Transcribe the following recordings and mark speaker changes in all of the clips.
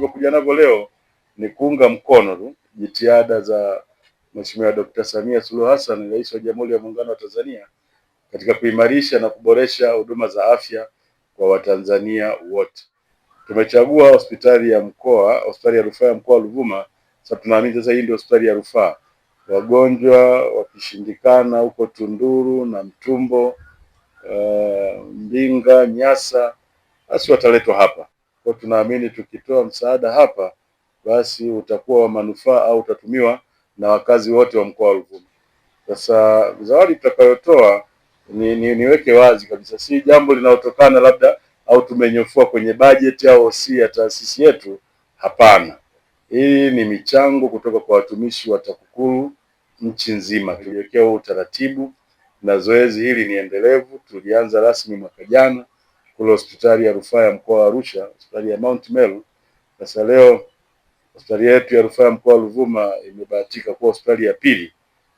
Speaker 1: tulivyokuja navyo leo ni kuunga mkono tu jitihada za Mheshimiwa Dkt. Samia Suluhu Hassan, Rais wa Jamhuri ya Muungano wa Tanzania katika kuimarisha na kuboresha huduma za afya kwa Watanzania wote. Tumechagua hospitali ya mkoa, hospitali ya rufaa ya mkoa wa Ruvuma. Sasa tunaamini sasa hii ndio hospitali ya rufaa, wagonjwa wakishindikana huko Tunduru na Mtumbo, uh, Mbinga, Nyasa, basi wataletwa hapa. Kwa tunaamini tukitoa msaada hapa, basi utakuwa wa manufaa au utatumiwa na wakazi wote wa mkoa wa Ruvuma. Sasa zawadi tutakayotoa ni, ni, niweke wazi kabisa, si jambo linalotokana labda au tumenyofua kwenye bajeti au si ya taasisi yetu. Hapana, hii ni michango kutoka kwa watumishi wa TAKUKURU nchi nzima. Tuliwekea utaratibu na zoezi hili ni endelevu, tulianza rasmi mwaka jana kule hospitali ya rufaa ya mkoa wa Arusha, hospitali ya Mount Meru. Sasa leo hospitali yetu ya rufaa ya mkoa wa Ruvuma imebahatika kuwa hospitali ya pili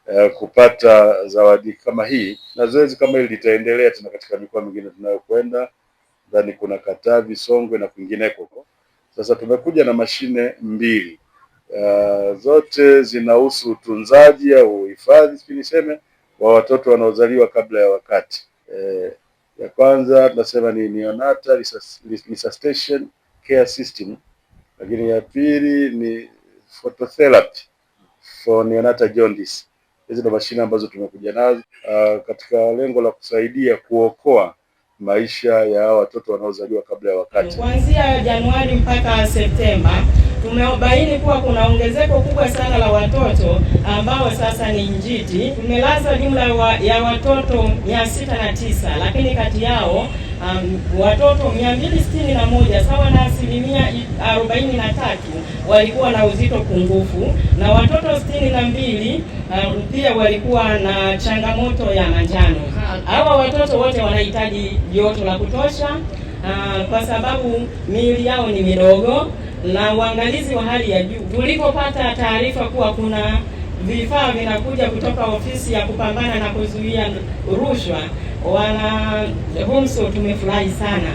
Speaker 1: eh, kupata zawadi kama hii, na zoezi kama hili litaendelea tena katika mikoa mingine tunayokwenda, ndani kuna Katavi, Songwe na kwingineko. Sasa tumekuja na mashine mbili uh, zote zinahusu utunzaji au uhifadhi, si niseme, wa watoto wanaozaliwa kabla ya wakati eh, ya kwanza tunasema ni neonatal resuscitation care system, lakini ya pili ni phototherapy for neonatal jaundice. Hizi ndo mashine ambazo tumekuja nazo uh, katika lengo la kusaidia kuokoa maisha ya watoto wanaozaliwa kabla ya wakati
Speaker 2: kuanzia Januari mpaka Septemba tumebaini kuwa kuna ongezeko kubwa sana la watoto ambao sasa ni njiti. Tumelaza jumla wa, ya watoto 609 lakini kati yao um, watoto 261 sawa na asilimia 43 walikuwa na uzito pungufu na watoto 62 um, pia walikuwa na changamoto ya manjano. Hawa watoto wote wanahitaji joto la kutosha uh, kwa sababu miili yao ni midogo la uangalizi wa hali ya juu ulipopata taarifa kuwa kuna vifaa vinakuja kutoka ofisi ya kupambana na kuzuia rushwa. Wana HUMSO, tumefurahi sana,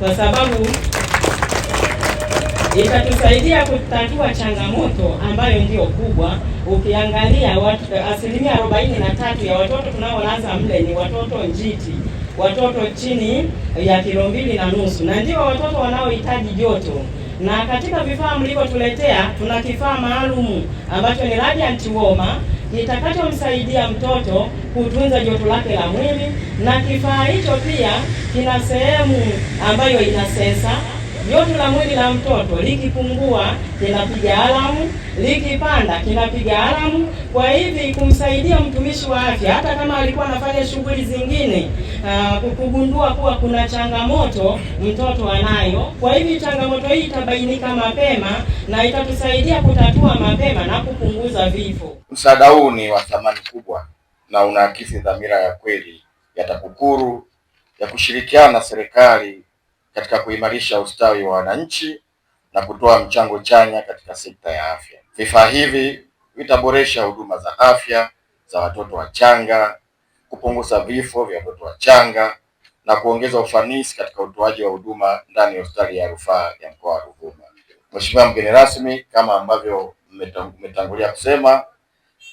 Speaker 2: kwa sababu itatusaidia kutatua changamoto ambayo ndio kubwa. Ukiangalia watu, asilimia 43 ya watoto tunaolaza mle ni watoto njiti, watoto chini ya kilo mbili na nusu, na ndio watoto wanaohitaji joto na katika vifaa mlivyotuletea tuna kifaa maalum ambacho ni radiant warmer kitakachomsaidia mtoto kutunza joto lake la mwili, na kifaa hicho pia kina sehemu ambayo ina sensa joto la mwili la mtoto likipungua linapiga alamu, likipanda kinapiga alamu. Kwa hivi kumsaidia mtumishi wa afya, hata kama alikuwa anafanya shughuli zingine, ah, kugundua kuwa kuna changamoto mtoto anayo. Kwa hivi changamoto hii itabainika mapema na itatusaidia kutatua mapema na kupunguza vifo.
Speaker 1: Msaada huu ni wa thamani kubwa na unaakisi dhamira ya kweli ya TAKUKURU ya kushirikiana na serikali katika kuimarisha ustawi wa wananchi na kutoa mchango chanya katika sekta ya afya. Vifaa hivi vitaboresha huduma za afya za watoto wachanga, kupunguza vifo vya watoto wachanga na kuongeza ufanisi katika utoaji wa huduma ndani ya hospitali ya rufaa ya mkoa wa Ruvuma. Mheshimiwa mgeni rasmi, kama ambavyo mmetangulia kusema,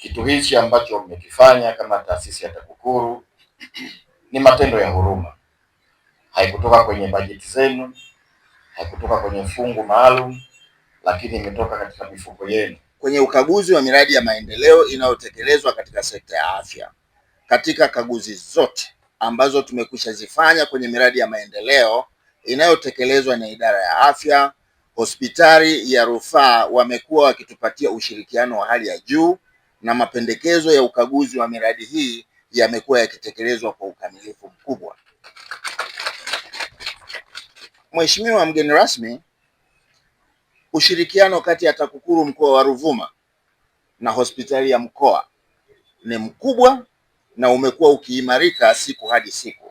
Speaker 1: kitu hichi ambacho mmekifanya kama taasisi ya TAKUKURU ni matendo ya huruma haikutoka kwenye bajeti zenu, haikutoka kwenye fungu maalum, lakini imetoka katika mifuko yenu. Kwenye ukaguzi wa miradi ya maendeleo inayotekelezwa katika sekta ya afya, katika kaguzi zote ambazo tumekwisha zifanya kwenye miradi ya maendeleo inayotekelezwa na idara ya afya, hospitali ya rufaa wamekuwa wakitupatia ushirikiano wa hali ya juu na mapendekezo ya ukaguzi wa miradi hii yamekuwa yakitekelezwa kwa ukamilifu mkubwa. Mheshimiwa mgeni rasmi, ushirikiano kati ya TAKUKURU mkoa wa Ruvuma na hospitali ya mkoa ni mkubwa na umekuwa ukiimarika siku hadi siku.